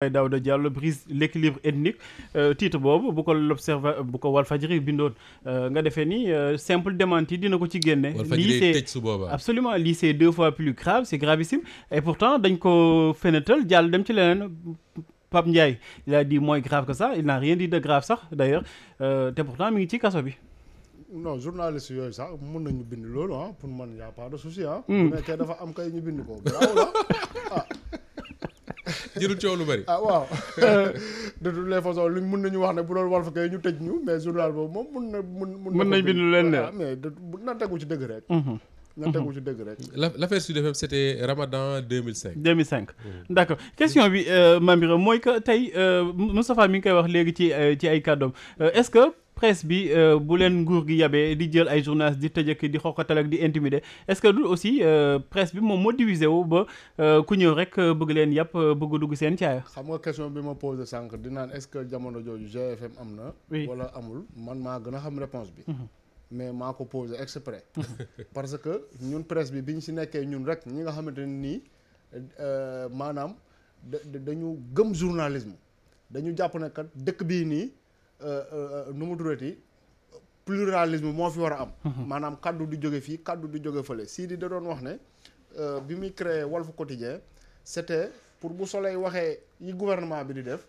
Daouda Diallo brise l'équilibre ethnique euh, titre boobu bu ko l'observa bu ko Walfadjri bindoon euh, nga defee ni euh, simple démenti dina ko ci génne lii c'est absolument lii c'est deux fois plus grave c'est gravissime et pourtant dañ ko fenetal jàll dem ci leneen Pape Ndiaye il a dit moins grave que ça il n'a rien dit de grave sax d'ailleurs te pourtant mi ngi ci kaso bi non journaliste yooyu sax mën ñu bind loolu ah, pour man y a pas de souci ah hmm. dafa am kay ñu bind ko ah. Ah, jërul coow lu bëri. ah waaw de toutes les façons luñ mun nañu wax ne bu doon Walf kay ñu tëj ñu mais journal boobu moom mun na. mun mun nañ bind leen ne mais na tegu ci dëgg rek. Mhm. na mhm. ci dëgg rek. la l' affaire Sud FM c' était Ramadan 2005. 2005 d' accord question bi euh, Mame Birame mooy que tey euh, Moustapha mi ngi koy wax léegi ci euh, ci ay kàddoom est ce que. presse bi euh, bu leen nguur gi yabee di jël ay journalistes di tëj ak di xoqatal ak di intimider est-ce que du aussi euh, presse bi moom moo divisé wu ba euh, ku ñëw rek bëgg leen yàpp bëgg dugg seen caaya. xam nga question bi ma posé sànq di naan est-ce que jamono jooju GFM am na. wala amul man maa gën a xam réponse bi. Mhm. mais maa ko posé exprès mhm. parce que ñun presse bi bi ñu si nekkee ñun rek ñi nga xamante ne nii maanaam dañu gëm journalisme dañu jàpp ne dëkk bii nii. Euh, euh, nu mu durati pluralisme moo fi war a am. Mhm. maanaam kaddu du jóge fii kaddu du jóge fële sii di da doon wax ne euh, bi muy créer créé Walf Quotidien c'était pour bu soleil waxee yi gouvernement bi di def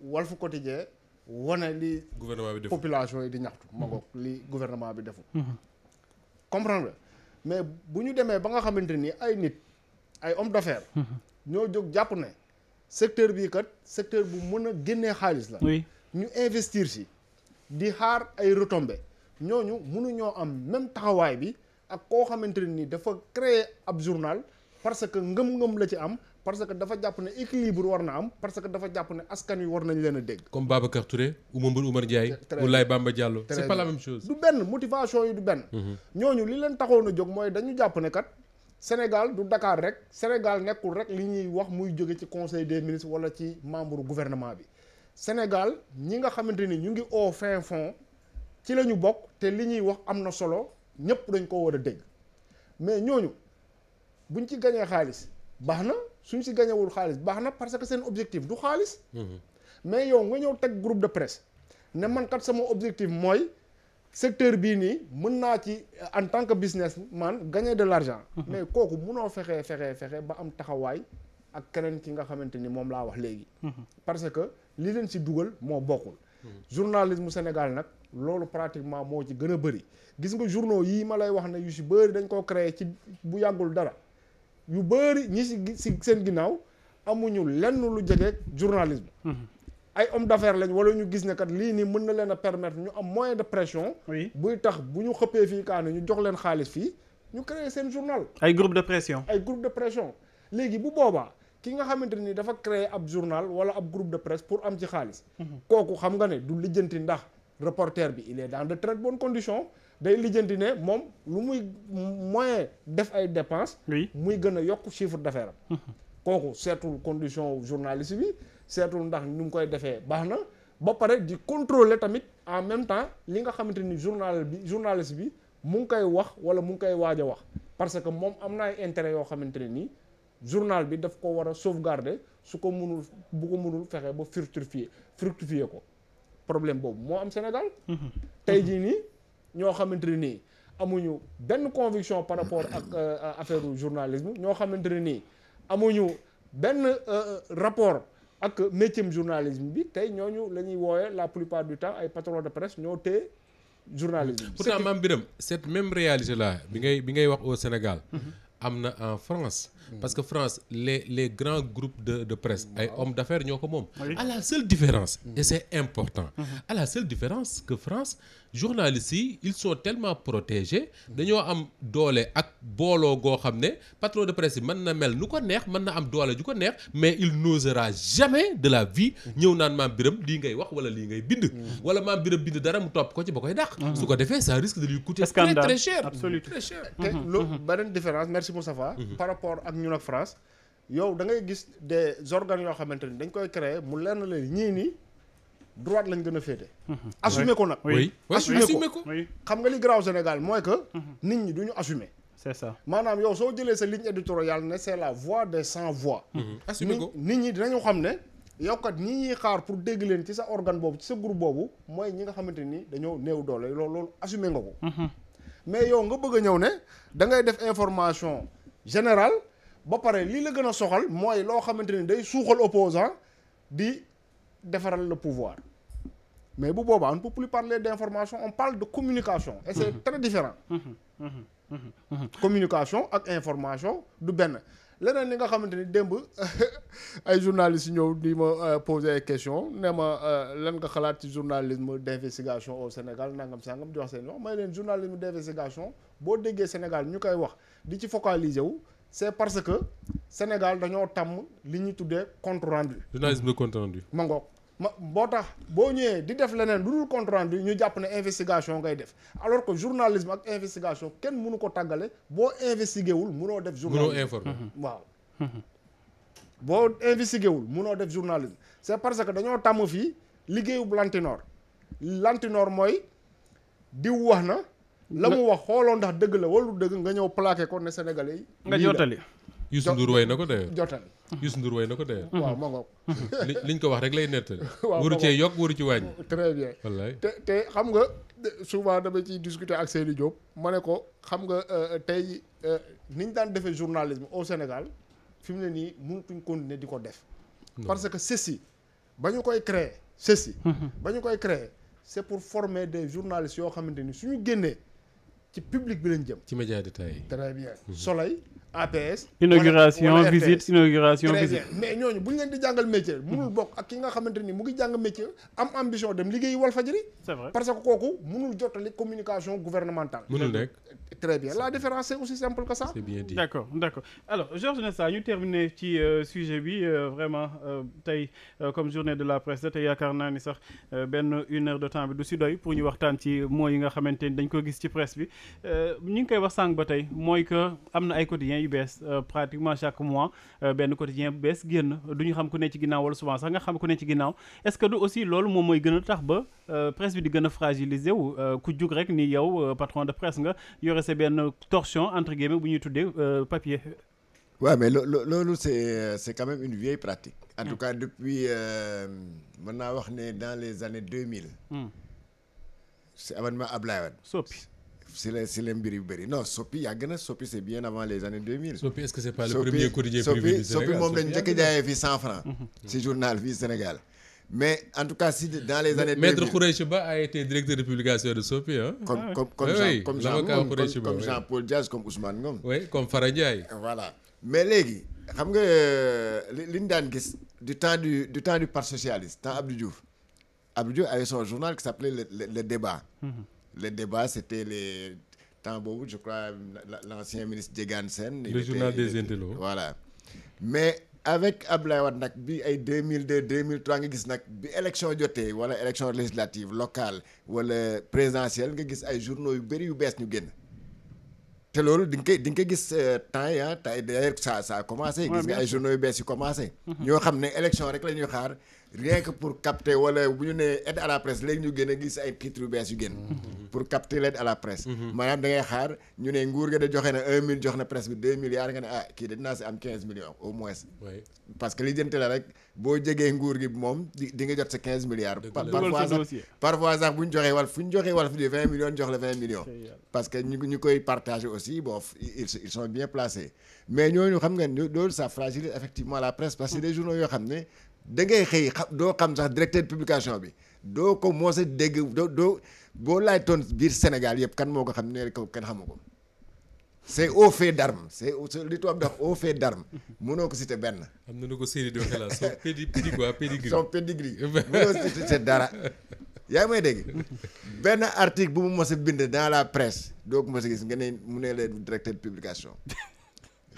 Walf Quotidien wane li. gouvernement bi def population yi di ñaxtu. Mhm. ma li gouvernement bi defu mhm. comprendre mais bu ñu demee ba nga xamante ni ay nit ay homme d'affaires. ñoo jóg jàpp ne secteur bii kat secteur bu mën a génnee xaalis la. ñu investir si di xaar ay retombées ñooñu mënuñoo am même taxawaay bi ak koo xamante ne ni dafa créer ab journal parce que ngëm-ngëm la ci am parce que dafa jàpp ne équilibre war na am parce que dafa jàpp ne askan wi war nañ leen dégg. comme Babacar Touré Oumar Oumar Ndiaye. Moulay Bamba Diallo c'est pas la même chose. du benn motivation yi du benn. Mhm. ñooñu li leen taxoon a jóg mooy dañu jàpp ne kat. Sénégal du Dakar rek Sénégal nekkul rek li ñuy wax muy jóge ci conseil des ministres wala ci membre gouvernement bi. Sénégal ñi nga xamante ni ñu ngi au fin fond ci la ñu bokk te li ñuy wax am na solo ñëpp dañ ko war a dégg mais ñooñu buñ ci gañee xaalis baax na suñ si gañewul xaalis baax na parce que seen objectif du xaalis. Mhm. mais yow nga ñëw teg groupe de presse ne man kat sama objectif mooy. secteur bii nii mën naa ci en tant que business man gagner de l'argent mhm. mais kooku munoo fexe fexe fexe ba am taxawaay ak keneen ki nga xamante ni moom laa wax léegi mhm. li leen si dugal moo bokkul. journalisme Sénégal nag loolu pratiquement moo ci gën a bëri gis nga journaux yii ma lay wax na yu si bëri dañ koo créé ci bu yàggul dara yu bëri ñi si si seen ginnaaw amuñu lenn lu jege journalisme. Mm-hmm. ay homme d'affaires lañ wala ñu gis ne kat lii nii mën na leen a permettre ñu am moyen de pression. buy tax bu ñu xëppee fii kaanu ñu jox leen xaalis fii ñu créé seen journal. ay groupe de pression. ay groupe de pression léegi bu boobaa. ki nga xamante ni dafa créer ab journal wala ab groupe de presse pour am ci xaalis. kooku xam nga ne du lijjanti ndax reporter bi il est dans de très bon conditions day lijjanti ne moom lu muy moyen def ay dépenses. muy gën a yokk chiffre d'affaires am. Mhm. kooku seetul condition journaliste bi seetul ndax ni mu koy defee baax na ba pare di contrôler tamit en même temps li nga xamante ni journal bi journaliste bi mu ngi koy wax wala mu ngi koy waaj a wax parce que moom am na ay intérêt yoo xamante ne nii. journal bi daf ko war a sauvegarder su ko mënul bu ko mënul fexe ba fructifier fructifier ko problème boobu moo am Sénégal. Mhm. tey jii mhm. nii ñoo xamante ne nii amuñu benn conviction par rapport ak euh, affaire journalisme ñoo xamante ne nii amuñu benn euh, euh, rapport ak métier journalisme bi tey ñooñu la ñuy wooyee la plupart du temps ay patron de presse ñoo téye journalisme. pourtant maam Birame cette même réalité là bi ngay bi ngay wax au Sénégal. Mhm. am na en France. Mm. parce que France les les grands groupes de de presse ay hommes d'affaires ñoo ko moom à la seule différence mm. et c'est important mm-hmm. à la seule différence que France journalistes yi ils sont tellement protégés mm. dañoo am doole ak booloo goo xam ne patron de presse yi mën na mel nu ko neex mën na am doole ju ko neex mais il n'osera jamais de la vie mm-hmm. ñëw naan maam biram lii ngay wax wala lii ngay bind wala maam biram bind dara mu topp ko ci ba koy dàq mm-hmm. su ko defee ça ñun ak France yow da ngay gis des organes yoo xamante ni dañ koy créer mu lenn leen ñii nii droite lañ gën a féete. Mhm. assumer ko nag. oui assumer ko xam nga li garaaw Sénégal mooy que. Mhm. nit ñi du ñu assumer. maanaam yow soo jëlee sa ligne éditoriale ne c'est la voix de sans voix. Mhm. assumer ko nit ñi dinañu xam ne. yow kat ñi ñuy xaar pour dégg leen ci sa organe boobu ci sa groupe boobu mooy ñi nga xamante ni dañoo néew doole loolu loolu assumer nga ko. mais yow nga bëgg a ñëw ne da ngay def information générale. ba pare lii la gën a soxal mooy loo xamante ni day suuxal opposant di defaral le pouvoir mais bu boobaa on ne peut plus parler d'information on parle de communication et c'est mmh. très différent mmh. communication ak information du benn leneen li nga xamante ni démb ay journalistes ñëw di ma euh, poser ay questions ne ma euh, lan nga xalaat ci journalisme d'investigation au Sénégal nangam sangam di wax seen wax may leen journalisme d'investigation boo déggee Sénégal ñu koy wax di ci focaliser wu c'est parce que Sénégal dañoo tàmm li ñuy tuddee compte rendu. journalisme de compte rendu. ma ma boo tax boo ñëwee di def leneen lu dul compte rendu ñu jàpp ne investigation ngay def alors que journalisme ak investigation kenn mënu ko tàggale boo investigué wul mënoo def. journalisme mënoo informer mhm. waaw. Mhm. boo investigué wul mënoo def journalisme c'est parce que dañoo tàmm fii liggéeyu Lantinoor Lantinoor mooy diw wax na. la mu wax xooloo ndax dëgg la walu dëgg nga ñëw plaqué ko ne sénégalais yi nga jottali Youssou Ndour way na ko dee jottali Youssou Ndour way na ko dee waaw ma ngoog li liñ ko wax rek lay nettali waaw waru cee yokk waru ci wàññi très bien te xam nga souvent dama ciy discuter ak Seydou Diop ma ne ko xam nga euh, euh, tey euh, niñ daan defee journalisme au Sénégal fi mu ne nii mënatuñ continuer di ko def parce que ceci ba ñu koy créer ceci ba ñu koy créer c'est pour former des journalistes yoo xamante ni ñu génnee ci public bi lañ jëm. ci médias détaillés yi. très bien APS. inauguration visite inauguration visite. mais ñooñu bu ñu leen di jàngal métier. munul bokk ak ki nga xamante ni mu ngi jàng métier am ambition dem liggéeyi Walfadjri. c'est vrai parce que kooku munul jottali communication gouvernementale. munul rek très bien la différence aussi simple que ça. c'est bien dit d'accord d'accord alors Georges Nessa ñu terminer ci euh, sujet bi euh, vraiment euh, tey comme journée de la presse te yaakaar naa ni sax benn une heure de temps bi du si doy pour ñu waxtaan ci mots yi nga xamante ni dañ ko gis ci presse ñu ngi koy wax sànq ba tey mooy que am na ay quotidiens quotidien yu bees euh, pratiquement chaque mois euh, benn quotidien bu bees génn du ñu xam ku ne ci ginnaaw wala souvent sax nga xam ku ne ci ginnaaw est-ce que du aussi loolu moom mooy gën a tax ba euh, presse bi di gën a fragiliser wu ku jug rek ni yow patron de presse nga yore sa benn torchon entre guillemets bu ñuy tuddee papier. waaw mais loo loolu c'est c'est quand même une vieille pratique. en tout cas depuis mën naa wax ne dans les années 2000. si avènement Ablaye Wade. soppi. si la si bëri non Sopi yàgg na Sopi c' est bien avant les années 2000. Sopi est-ce que c'est pas le premier quotidien privé du Sénégal moom lañ njëkk a jaayee fii 100 si mhm. journal fii Sénégal. mais en tout cas si dans les années. maître Khoureyssi Ba a été directeur de publication de Sopi ah. comme comme ah comme Jean comme Jean comme Jean Paul Diaz comme Ousmane Ngom. oui comme Fara Ndiaye. voilà mais léegi xam nga euh, li ñu daan gis du temps du du temps du parti socialiste temps Abdou Diouf Abdou Diouf avait son journal qui le débat c'était les temps boobu je crois l'ancien ministre Diégane Sène le journal des intellos voilà mais avec Abdoulaye Wade nag bi ay mille 2002 2003 nga gis nag bi élection jotee wala élection législative local wala présidentielle nga gis ay journaux yu bëri yu bees ñu génn te loolu di nga koy di nga koy gis euh, temps yi ah d'ailleurs ça ça a commencé gis nga ay journaux yu bees yu commencé mm-hmm. ñoo xam ne élection rek la ñuy xaar rien que pour capter wala bu ñu nee aide à la presse léegi ñu gën a gis ay titres yu bees yu génn. pour capter l'aide à la presse. maanaam da ngay xaar ñu ne nguur ga de joxe na un mille jox na presse ah am quinze que li jënte la rek boo jegee nguur gi moom di nga jot sa quinze milliards. parfois sax parfois sax bu ñu joxee Walf fu ñu joxee Walf di vingt millions jox la vingt millions. parce que ñu koy partager aussi bon ils sont bien placés mais ñooñu xam nga da ngay xëy doo xam sax directeur publication bi doo ko moos a dégg doo boo laaj toon biir Sénégal yëpp kan moo ko xam ne ko kenn xamu ko c'est au fait d'arme c'est li tubaab dax au fait d'arme mënoo ko cité benn. am na nu ko série de xalaat son pédigree quoi pédigree. dara. yaa ngi may dégg benn article bu mu mos a bind dans la presse doo ko mos gis nga ne mu ne la directeur publication.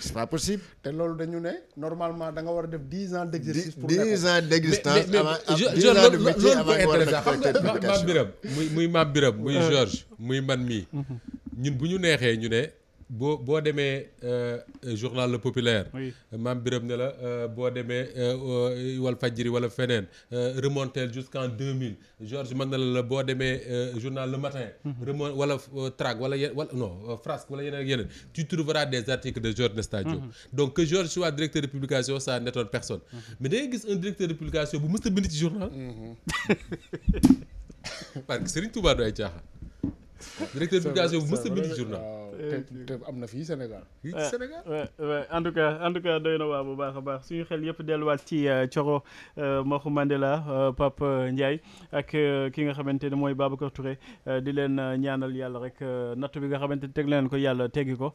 c'est pas possible. te loolu dañu ne normalement danga war a def dix ans d'exercice. pour dix ans d'existence avant dix ans de métier avant nga Biram muy muy Maam Biram muy Georges muy man mii. Mhm. ñun bu ñu neexee ñu ne. boo boo demee euh, euh, journal Le Populaire. oui maam Birame ne la euh, boo demee Walfadjri wala feneen remontel jusqu'en 2000 man Mandela la la boo demee journal Le Matin. Mhm. remont wala Trac wala yenn wala non Frasque wala yeneen ak yeneen tu trouveras des articles de Georges Nesta Diop. Mhm. donc que Georges soit directeur de publication ça n'étonne personne. Mhm. mais da ngay gis un directeur de publication bu mës a bind ci journal. parce que Serigne Touba du ay caaxaan. directeur de publication bu mës a ci te eh, te am na fii Sénégal. Eh, fii ci Sénégal eh, en tout doy na waa bu baax a baax suñu xel yëpp delluwaat ci Thioro Maxu Mandela Pape Ndiaye ak ki nga xamante ni mooy Babacar Touré di leen ñaanal yàlla rek natt bi nga xamante ne teg leen ko yàlla teggi ko.